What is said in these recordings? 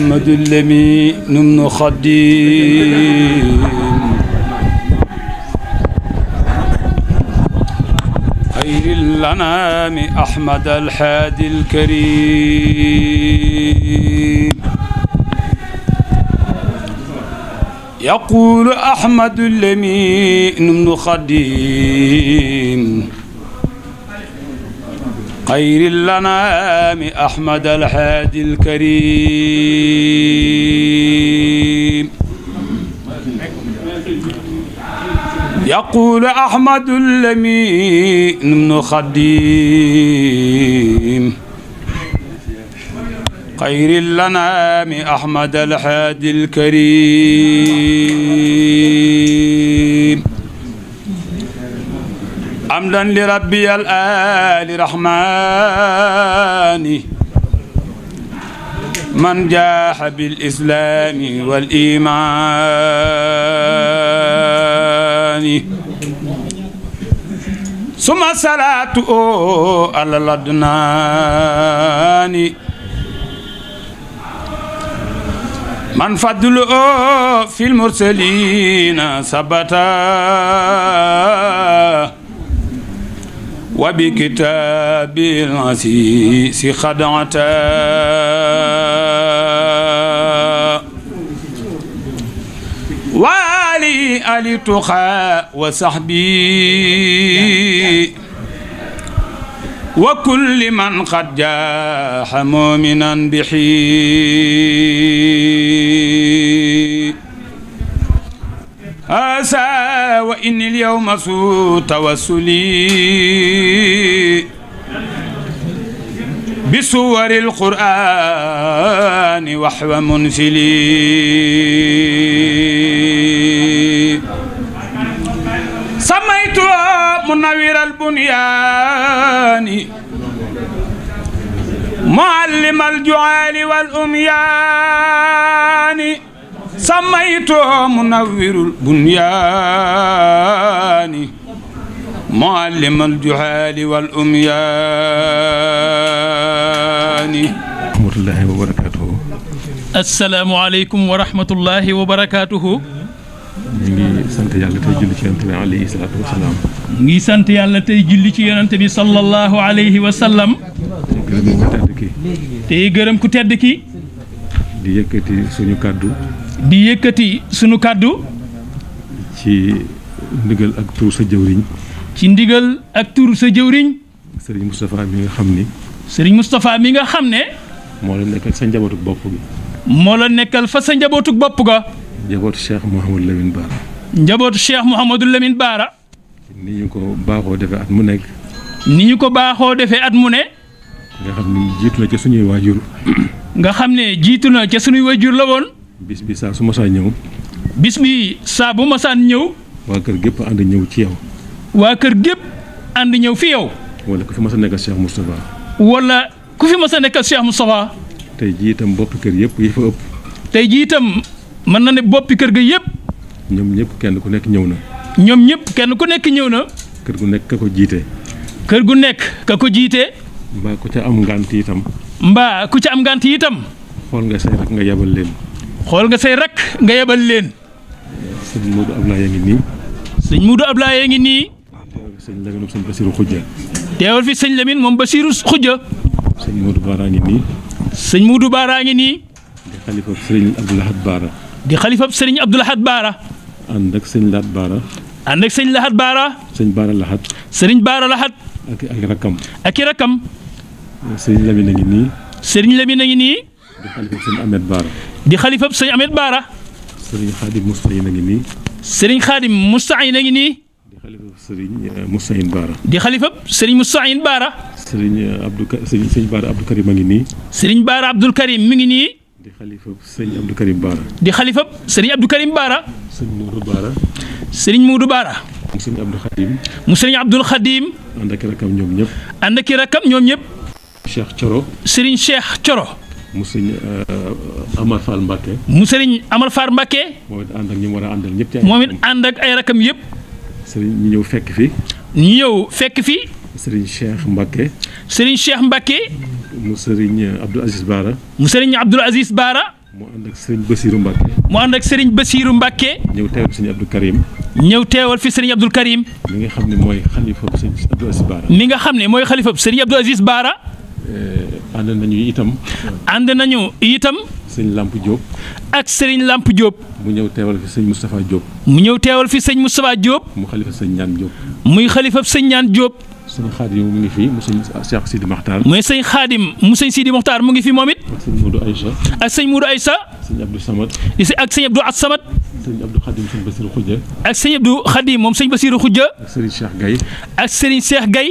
أحمد اللمين بن خديم خير الأنام أحمد الحادي الكريم يقول أحمد اللمين بن خديم خير الأنام أحمد الحادي الكريم يقول أحمد اللمين بن خديم خير الأنام أحمد الحادي الكريم حمدا لربي الآل رحمن من جاح بالإسلام والإيمان ثم صلاة على الأدنان من فضله في المرسلين ثبتا وبكتاب العزيز قد عتا والي آل تقى وصحبي وكل من قد جاح مؤمنا بحي asa wa inni al yawma su tawassuli bi suwari al qur'ani waxwa munfili samaytu munawwir al bunyaani معلم الجعال والأميان سميته منور البنيان معلم الجهال والأميان ورحمة الله وبركاته السلام عليكم ورحمة الله وبركاته ñu ngi sant yàlla tey julli ci yonante bi alayhi salaatu wa salaam. ñu ngi sant yàlla tey julli ci yonante bi sallallahu alayhi wa sallam. tey gërëm ku tedd ki. di yëkkati suñu kàddu. di yëkkati sunu kàddu ci ndigal ak tur sa jëwriñ ci ndigal ak tur sa jëwriñ sëriñ Moustapha mi nga xam ni sëriñ Moustapha mi nga xam ne moo la nekkal sa njabootuk bopp gi moo la nekkal fa sa njabootuk bopp ga njabootu Cheikh Mouhamadou Lamine Baara njabootu Cheikh Mouhamadou lemin Baara ni ñu ko baaxoo defee at mu nekk ni ko baaxoo defee at mu ne nga xam ne jiitu na ca suñuy waajur nga xam ne jiitu na ca suñuy waajur la woon bis bi saa su ma saa ñëw. bis bi saa bu ma ñëw. waa kër gépp ànd ñëw ci yow. waa kër gépp ànd ñëw fi yow. wala ku fi mas a nekkal Cheikh Moustapha. wala ku fi mas a nekkal Cheikh Moustapha. tey jii itam boppi kër yëpp yi fa ëpp. tey jii itam mën na ne boppi kër gi yëpp. ñoom ñëpp kenn ku nekk ñëw na. ñoom ñëpp kenn ku nekk ñëw na. kër gu nekk ka ko jiite. kër gu nekk ka ko jiite. mbaa ku ca am ngànt itam. mbaa ku ca am ngànt itam. xool nga say rek nga yabal leen. xool nga say rak nga yebal leen. sëñ Modou Ablaye ngi nii. sëñ Modou Ablaye ngi nii. sëñ Lamine moom sëñ Basirou teewal fi sëñ Lamine moom Basirou Khoudia. sëñ Modou Baara ngi nii. sëñ Modou Baara ngi nii. di xalifab sëriñ Abdoulahad Baara. di xalifab sëriñ Abdoulahad Baara. ànd sëñ Lahat Baara. ànd ak sëñ Lahat Baara. sëñ Baara Lahat. sëriñ Baara Lahat. ak rakkam. ak i a ngi nii. di xalifab sëñ Ahmed Baara. di xalifab sëñ Ahmed Baara. sëriñ Xaadim Mustahin a ngi nii. sëriñ Xaadim Mustahin a ngi nii. di xalifab sëriñ eh, Mustahin Baara. di xalifab sëriñ Mustahin Baara. sëriñ eh, Abdou sëriñ sëñ Baara Abdou Karim a ngi nii. sëriñ Baara Abdou Karim mi ngi nii. di xalifab sëriñ Abdou Karim Baara. di xalifab sëriñ Abdou Karim Baara. sëriñ Moodu Baara. sëriñ Moodu Baara. mu sëriñ Abdou Khadim. mu sëriñ Abdou Khadim. ànd ak i rakkam ñoom ñëpp. ànd ak i rakkam ñoom ñëpp. Cheikh Coro. sëriñ Cheikh Coro. mu sëñ euh, Amar Fall Mbacke. mu sëriñ Amar Fall Mbacke. moom it ànd ak ñi mu war a àndal ñëpp. moom it ànd ak ay rakam yëpp. sëriñ ñu ñëw fekk fi. ñu ñëw fekk fi. sëriñ Cheikh Mbacke. sëriñ Cheikh Mbacke. mu sëriñ Abdou Aziz Baara. mu sëriñ Abdou Aziz Baara. mu ànd ak sëriñ Bassirou Mbacke. mu ànd ak sëriñ Bassirou Mbacke. ñëw teewal sëriñ Abdou Karim. ñëw teewal fi sëriñ Abdou Karim. mi nga xam ne mooy xalifa bu sëriñ Abdou Aziz Baara. mi nga xam ne mooy xalifa bu sëriñ Abdou Aziz Baara. Eh, ànd nañu itam. ànd nañu itam. sëñ làmp Diop. ak sëriñ làmp Diop. mu ñëw teewal fi sëñ Moustapha Diop. mu ñëw teewal fi sëñ Moustapha Diop. mu xalifa sëñ ñaan Diop. muy xalifa sëñ ñaan Diop. sëñ Xaadim mu ngi fi mu sëñ Cheikh Sidi Mokhtar. muy sëñ Xaadim mu sëñ Sidi mu ngi fi moom it. ak sëñ Moudou Aïcha. ak sëñ Moudou Aïcha. sëñ Abdou Samad. ak sëñ Abdou Samad. sëñ Abdou Khadim moom sëñ Basirou Khoudia. ak sëriñ Cheikh Gaye. ak sëriñ Cheikh gay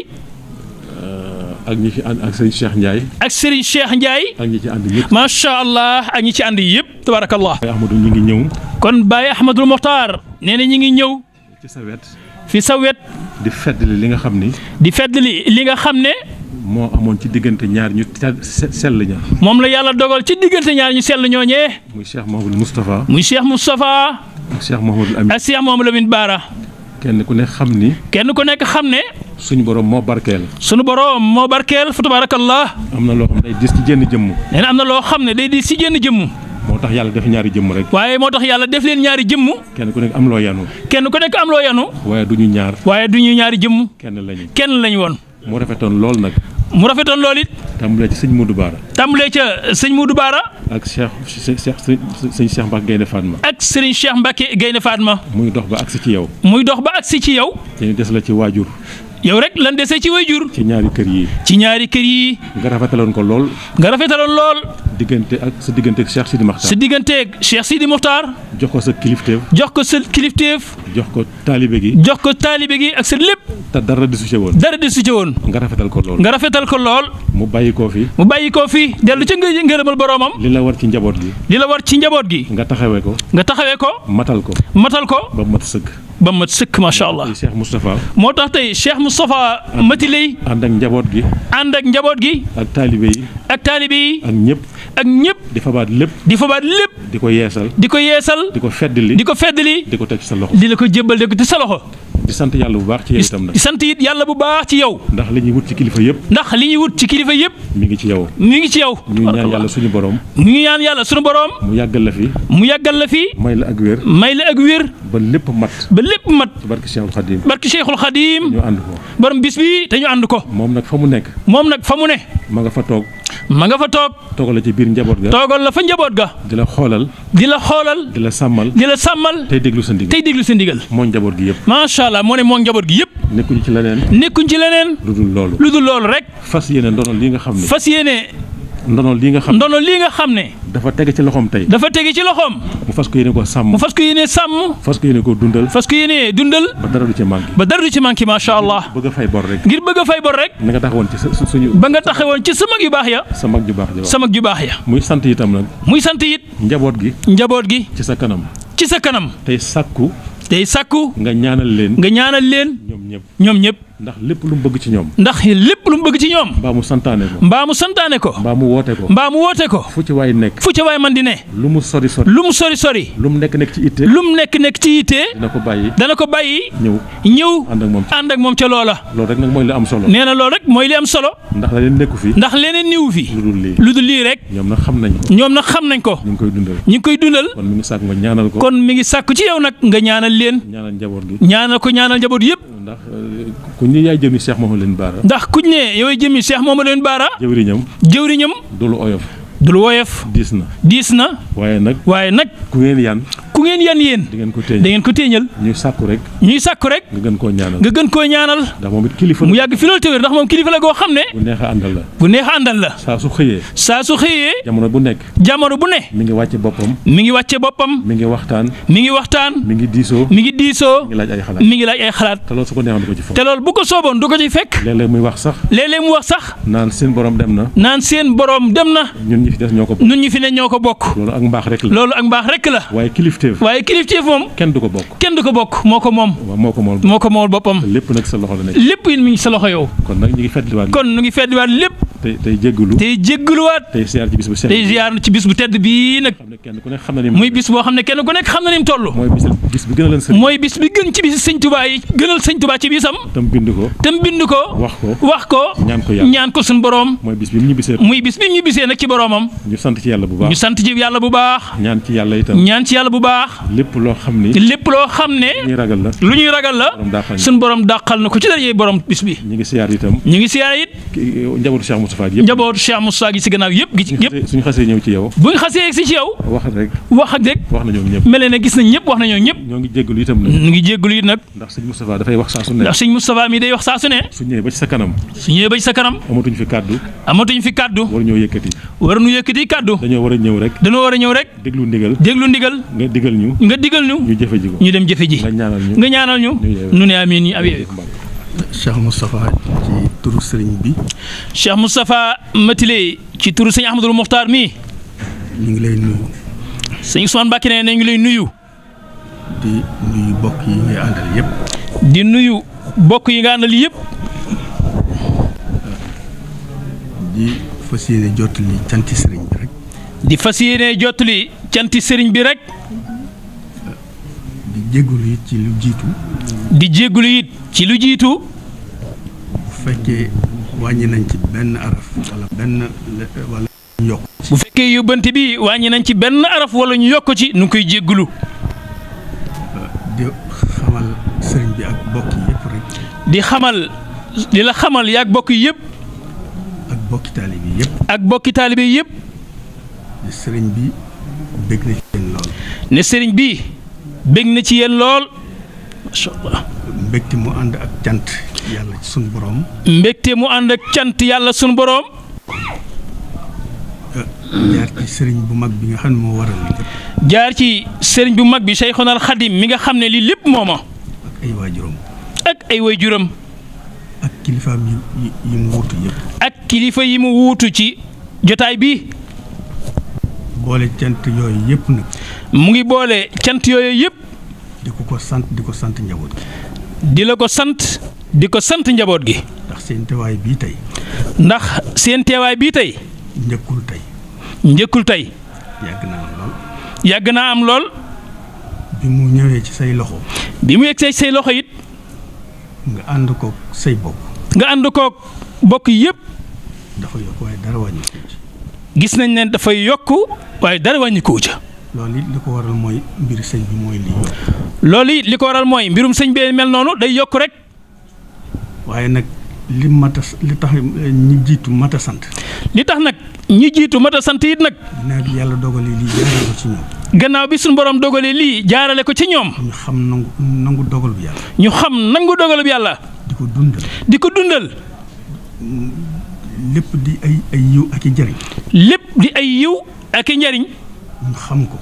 ak ñi ci ànd ak sëriñ Cheikh Ndiaye. ak sëriñ Cheikh Ndiaye. ak ñi ci ànd yëpp macha allah ak ñi ci ànd yëpp tabarakallah. Baye Ahmadou ñu ngi ñëw. kon Baye Ahmadou Mokhtar nee na ñu ngi ñëw. ci sa wet. fi sawet wet. di feddali li nga xam ni. di feddali li nga xam ne. moo amoon ci diggante ñaar ñu sell ña. moom la yàlla dogal ci diggante ñaar ñu sell ñooñee. muy Cheikh Mouhamadou muy Cheikh Moustapha. ak Cheikh Mouhamadou Lamine. ak Cheikh Mouhamadou Lamine Bara. kenn ku nekk xam ni. kenn ku nekk xam ne. suñu borom moo barkeel. suñu borom moo barkeel fa tabarakallah. am na loo xam ne day diis ci jenn jëmm. nee na am na loo xam ne day diis ci jenn jëmm. moo tax yàlla def ñaari jëmm rek. waaye moo tax yàlla def leen ñaari jëmm. kenn ku nekk am yanu. kenn ku nekk am yanu. waaye du ñu ñaar. waaye du ñu ñaari jëmm. kenn lañu kenn lañu woon. mu rafetoon lool nag. mu rafetoon lool it. tàmbalee ci sëñ Modou Baara. tàmbalee ca sëñ Modou Baara. ak Cheikh suñ Cheikh Mbacke Gaynde Fatma. ak sëriñ Cheikh Mbacke Gaynde Fatma. muy dox ba agsi ci yow. muy dox ba agsi ci yow. dañu des la ci waajur. yow rek lan dese ci way jur ci ñaari kër yi. ci ñaari kër yi. nga rafetaloon ko lool. nga rafetaloon lool. diggante ak sa digganteeg Cheikh Sidi Mokhtar. sa digganteeg Cheikh Sidi Mokhtar. jox ko sa kilifteef. jox ko sa kilifteef. jox ko taalibe gi. jox ko taalibe gi ak sa lépp. te dara desu ci woon. dara desu ci woon. nga rafetal ko lool. nga rafetal ko lool. mu bàyyi koo fi. mu bàyyi koo fi dellu ca ngërëmal boromam. li la war ci njaboot gi. li la war ci njaboot gi. nga taxawee ko. nga taxawee ko. matal ko. matal ko. ba mat sëkk. ba mat sëkk macha allah moo tax tey Cheikh Moustapha Maty Leye ànd ak njaboot gi ànd ak njaboot gi ak taalibe yi ak taalibe yi ak ñëpp ak ñëpp di fabaat lépp di fabaat lépp di ko yeesal di ko yeesal di ko feddali di ko feddali di ko teg sa loxo di la ko jébbal de ko te sa loxo di sant yàlla bu baax ci yow itam sant it yàlla bu baax ci yow ndax li ñuy wut ci kilifa yëpp ndax li wut ci kilifa yëpp mi ngi ci yow mu ngi ci yow ñu ñaan yàlla suñu borom mu ngi ñaan yàlla suñu boroom mu yàggal la fi mu yàggal la fi may la ak wér may la ak wér ba lépp mat ba lépp mat barke Cheikhul Khadim barke Cheikhul Khadim ñu ànd ko borom bis bi te ñu ànd ko moom nag fa mu nekk moom nag fa mu ne ma nga fa toog ma nga fa toog toogal la ci biir njaboot ga. toogal la fa njaboot ga. di la xoolal. di la xoolal. di la sàmmal. di la sàmmal. tey déglu sa ndigal tey déglu sa ndigal. moo njaboot gi yëpp. macha allah moo ne moo njaboot gi yëpp. nekkuñ ci leneen. nekkuñ ci leneen. lu dul loolu. lu dul loolu rek. fas yéene ndono li nga xam ne. fas yéene. ndono lii nga xam ndono lii nga xam ne. dafa tege ci loxoom tey. dafa tege ci loxoom. mu fas ko yéene ko sàmm. mu fas ko yéene sàmm. fas ko yéene ko dundal. fas ko yéene dundal. ba dara du ci manqué. ba dara du ci manqué macha allah. rek. ngir bëgg a fay bor rek. na nga taxawoon ci sa suñu. ba nga taxawoon ci sa mag yu baax ya. sa mag ju baax ya. muy sant itam nag. muy sant it. njaboot gi. njaboot gi. ci sa kanam. ci sa kanam. tey sàkku. tey sàkku. nga ñaanal leen. nga ñaanal leen. ñoom ñëpp. ndax lépp lu mu bëgg ci ñoom. ndax lépp lu mu bëgg ci ñoom. mbaa mu santaane ko. mbaa mu santaane ko. mbaa mu woote ko. mbaa mu woote ko. fu ci waay nekk. fu ci waay man di ne. lu mu sori sori. lu mu sori sori. lu mu nekk nekk ci ittee. lu mu nekk nekk ci ittee. dana ko bàyyi. dana ko bàyyi. ñëw ñëw. ànd ak moom ca ànd ak moom ca loola. loolu rek mooy li am solo. nee na loolu rek mooy li am solo. ndax leneen nekku fi. ndax leneen niwu fi. lu dul lii rek. ñoom na xam nañ ko. ñoom nag xam nañ ko. ñu ngi koy dundal. ñu ngi koy dundal. kon mu ngi sàkk nga kon mi ngi sàkk ci yow nag nga ñaanal leen. ñaanal gi. ñaanal ko ñaanal njaboot yëpp ndax euh, kuñ ne yaay jëmi Cheikh Mouhamadou Lamine Bara. ndax kuñ ne yooyu jëmi Cheikh Mouhamadou Lamine Bara. jëwriñam jëwriñam. du lu oyof. du lu woyof. diis na diis na. waaye nag waaye nag. ku ngeen yan. ku ngeen yan yéen. da ngeen ko téeñal da ngeen ko téeñal. ñuy sàkku rek. ñuy sàkku rek. nga gën koo ñaanal nga gën koo ñaanal. ndax moom kilifa mu yàgg fi loolu téwér ndax moom kilifa la goo xam ne. bu neex a àndal la. a àndal la. saa su xëyee. saa su xëyee. jamono bu nekk. jamono bu ne. mi ngi wàcce boppam. mu ngi wàcce boppam. mi ngi waxtaan. mi ngi waxtaan. mi ngi diisoo. mi ngi diisoo. mi ngi laaj ay xalaat mi ngi laaj ay xalaat. te loolu su ko neexoon du ko ci fekk. te loolu bu ko sooboon du ko ci fekk. léeg muy wax sax. léeg-léeg mu wax sax. naan seen borom dem na. naan dem na. ñi fi des ñoo ko bokk. ñi fi ne ñoo ko bokk. loolu ak mbaax rek la loolu ak mbaax rek la. waaye kilifteef waaye kilifteef moom. kenn du ko bokk kenn du ko bokk moo ko moom. waaw moo ko moom boppam. lépp nag sa loxo la nekk lépp it mi ngi sa loxo yow. kon nag ñu ngi fàttaliwaat lépp tey tey jéggalu tey jéggaluwaat tey ziar ci bis bu sell tey ziar ci bis bu tedd bii nag muy bis boo xam ne kenn ku nekk xam na ni mu toll mooy bis bi gën ci bis sëñ Tuubaa yi gënal sëñ Tuubaa ci bisam tam bind ko tam bind ko wax ko wax ko ñaan ko suñu boroom muy bis bi mu ñu bis bi mu ñu bisee nag ci boroomam ñu sant ci yàlla bu baax ñu sant ci yàlla bu ñaan ci yàlla itam ñaan ci yàlla bu baax lépp loo xam ne lépp loo xam ne lu ñuy ragal la suñu boroom dàqal na ko ci dara borom bis bi ñu ngi siyaar itam ñu ngi siyaar it Moustapha gi yëpp njabootu gi si gannaaw yëpp gi ci yëpp suñu xasee ñëw ci yow buñ xasee yegg si ci yow wax rek wax ak rek wax na ñoom ñëpp mel na gis nañ ñëpp wax na ñoom ñëpp ñoo ngi jéggalu itam nag ñu ngi jéggalu it nag ndax sëñ Moustapha dafay sa kanam su ñëwee ba ci sa kanam amatuñ fi kàddu amatuñ fi kàddu war ñoo yëkkati war ñu yëkkati kàddu dañoo war a ñëw rek dañoo war a ñëw rek déglu ndigal déglu ndigal nga digal ñu nga digal ñu ñu jëfe ko ñu dem jëfe ji nga ñaanal ñu ñu ne amiin Cheikh Moustapha ci turu sëriñ bi. Cheikh Moustapha Matilé ci turu sëñ Ahmadul Muxtaar mii. ñu ngi lay nuyu. sëñ Ousmane Mbacke nee na ñu ngi lay nuyu. di nuyu bokk yi nga àndal yëpp. di nuyu yi nga àndal fas yéene jottali canti sëriñ bi rek. di fas yéene jottali canti sëriñ bi rek. di jégalu it ci lu jiitu. di jégalu it ci lu jiitu. bu fekkee wàññi nañ ci benn araf wala benn wala ñu yokk fekkee yóbbante bi wàññi nañ ci benn araf wala ñu nu ngi koy jéggulu di xamal sëriñ bi ak bokk yëpp di xamal di la xamal yaak bokk yëpp. ak bokki taalibe yëpp. ak bokki taalibe yëpp. ne sëriñ bi bég na ci yéen lool. ne sëriñ bi bég na ci yéen lool. macha mu ànd ak cant yàlla sunu borom. mbégte mu ànd ak cant yàlla sunu boroom euh, jaar ci sëriñ bu mag bi nga xam ne moo waral lépp. jaar ci sëriñ bu mag bi Seyxuna al Xadim mi nga xam ne lii lépp moo ma. ak ay waajuram. ak kilifa yi yi mu wuutu yëpp. ak kilifa yi mu wuutu ci jotaay bi. boole cant yooyu yëpp nag. mu ngi boole cant yooyu yëpp. di ko ko sant di ko sant njaboot gi. di la ko sant di ko sant njaboot gi. ndax seen teewaay bii tey. ndax seen teewaay bii tey. njëkkul tey. njëkkul tey. yàgg naa am lool. bi mu ñëwee ci say loxo. bi mu yegsee ci say loxo yit nga ànd koog say bokk. nga ànd koog bokk yépp. dafa yokk waaye dara wàññi ci. gis nañ ne dafay yokk waaye dara wàññi ko loolu it li ko waral mooy mbir sëñ bi mooy lii. loolu it li ko waral mooy mbirum sëñ bee mel noonu day yokk rek. waaye nag li mat a li tax ñi jiitu mata sant. li tax nag ñi jiitu mat a sant it nag. gannaaw bi yàlla dogalee gannaaw bi suñu borom dogalee lii jaarale ko ci ñoom. ñu xam nangu nangu dogal bi yàlla. ñu xam nangu dogal bi yàlla. di ko dundal di ko dundal. lépp di ay ay yiw ak i njariñ. lépp di ay yiw ak i njariñ. nu xam ko.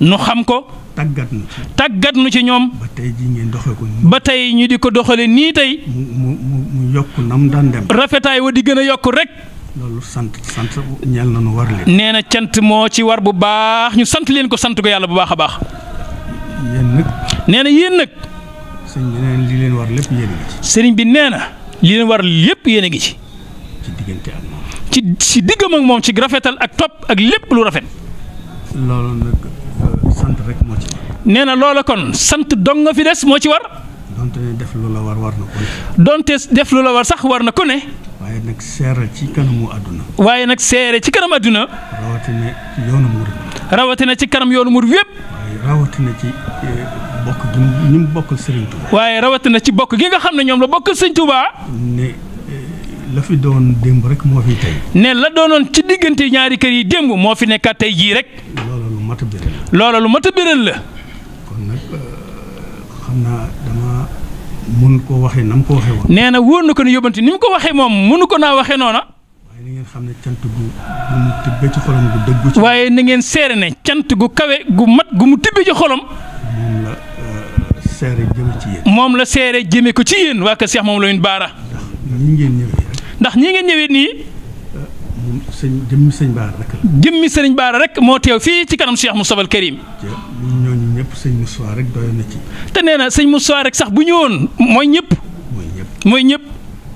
nu xam ko. tàggat nu ci. ñoom. ba tey jii ngeen doxee ba tey ñu di ko doxalee nii tey. mu mu mu yokk nam daan dem. rafetaay wa di gën a yokk rek. loolu sant sant ñeel na nu war nee na cant moo ci war bu baax ñu sant leen ko sant ko yàlla bu baax a baax. yéen nag. nee na yéen nag. sëriñ bi nee na li leen war lépp yéen a ci. sëriñ bi nee na li leen war lépp yéen a ngi ci. ci diggante ak moom ci rafetal ak topp ak lépp lu rafet. loolu moo nee na loola kon sant doom nga fi des moo ci war. donte def lu la war war na ko ne. donte def lu la war sax war na ko ne. waaye nag seere ci kanamu àdduna. waaye nag seere ci kanam àdduna. rawatina ci yoonu mur. rawatina ci kanam yoonu mur yëpp. waaye ci eh, bokk gi ñu waaye rawatina ci bokk gi nga xam ne ñoom la bokkal Serigne Touba. ne eh, la fi doon démb rek moo fi tey. ne la doonoon ci diggante ñaari kër yi démb moo fi nekkaat tey jii rek. loola lu mat a béral la. kon nag euh, xam mun koo waxee na ko waxee woon. nee na wóor na ko ne yóbbante ni mu ko waxee moom munu ko naa waxee noona. waaye na ngeen xam ne cant gu gu mu tibbee ci xolam gu dëggu ci. waaye na ngeen seere ne cant gu kawe gu mat gu mu tibbee ci xolom moom la euh, seere jëme ci moom la seere jëme ko ci yéen waa Kër Cheikh moom la ñu baara. ndax ñi ngeen ñëwee. nii. sëñ jëmmi sëñ Baara rek la. jëmmi sëñ baar rek moo teew fii ci kanam seex mu al Karim. ñooñu ñëpp sëñ Moustapha rek na ci. te nee na sëñ Moustapha rek sax bu ñëwoon woon mooy ñëpp mooy ñëpp.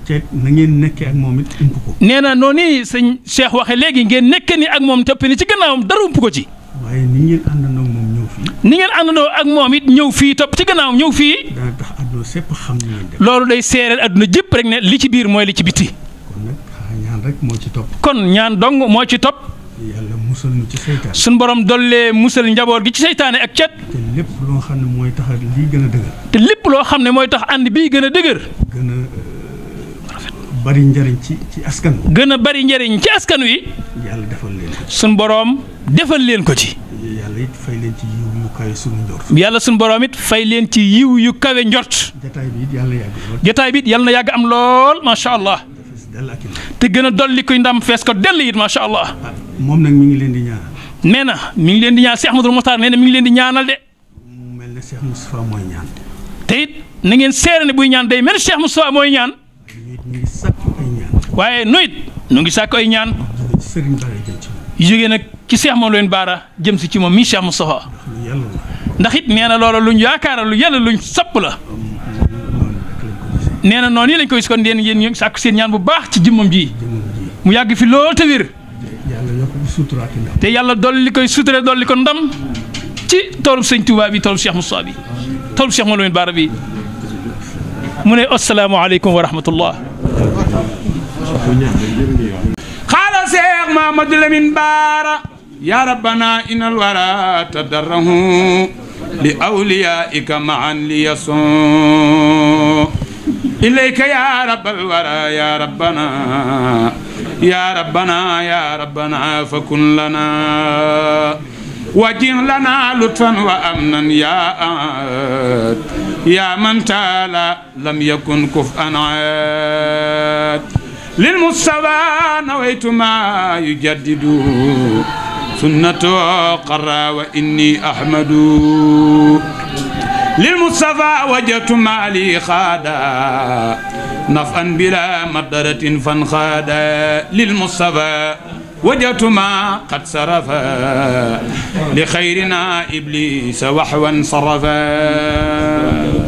te na ngeen nekkee ak moom it ump ko. nee na noonu nii sëñ Cheikh waxe léegi ngeen nekkee ni ak moom topp ni ci gannaawam dara ump ko ci. waaye ni ngeen àndandoo ak moom ñëw fii. ni ngeen àndandoo ak moom it ñëw fii topp ci gannaawam ñëw fii. sépp xam ni loolu day seereel àdduna jëpp rek ne li ci biir mooy li ci biti ñaan rek moo ci topp. kon ñaan dong moo ci topp. yàlla musal ñu ci seytaane. suñu borom dollee musal njaboot gi ci seytaane ak cet. te lépp loo xam ne mooy tax lii gën a dëgër. te lépp loo xam ne mooy tax ànd bii gën a dëgër. gën a euh, bari njariñ ci ci askan wi. gën a bari njariñ ci askan wi. yàlla defal leen ko ci. suñu borom defal leen ko ci. it fay leen ci yiw yu kawe suñu njort. yàlla suñu borom it fay leen ci yiw yu kawe njort. jotaay bi it yàlla yàgg am lool jotaay allah te gën a dolli kuy ndam fees ko dell it macha allah. Ah, moom nag mi ngi leen di ñaanal. nee na mi ngi leen di ñaan Cheikh Ahmadou Mokhtar nee na mi ngi leen di ñaanal de. mu mel ne Cheikh Moustapha mooy te it na ngeen seere ne buy ñaan day mel Cheikh Moustapha mooy ñaan. waaye nu it nu ngi sàkk ñaan ñaan. jógee nag ci seex moom leen baara jëm si ci moom mii Cheikh Moustapha. ndax it nee na loola luñ yaakaar lu yàlla luñ sapp la. nee na noonu yi lañ koy gis kon yéen yéen ñu sàkku seen ñaan bu baax ci jëmmam ji mu yàgg fi lool te wér te yàlla dolli li koy sutura dolli ko ndam ci toolu sëñ Touba bi toolu Cheikh Moustapha bi toolu Cheikh Mouhamadou Bara bi mu ne asalaamaaleykum wa rahmatullah xaala Cheikh Mamadou Lamine Bara ya rabbana inal wara tadarrahu li awliyaika maan li yasun إليك يا رب الورى يا ربنا يا ربنا يا ربنا فكن لنا وجه لنا لطفا وأمنا يا آت يا من تعالى لم يكن كفءا عاد للمصطفى نويت ما يجدد سنته قرى وإني أحمد للمصطفى وجهت مالي خادا نفعا بلا مقدرة فانخادا للمصطفى وجهت ما قد سرفا لخيرنا إبليس وحوا صرفا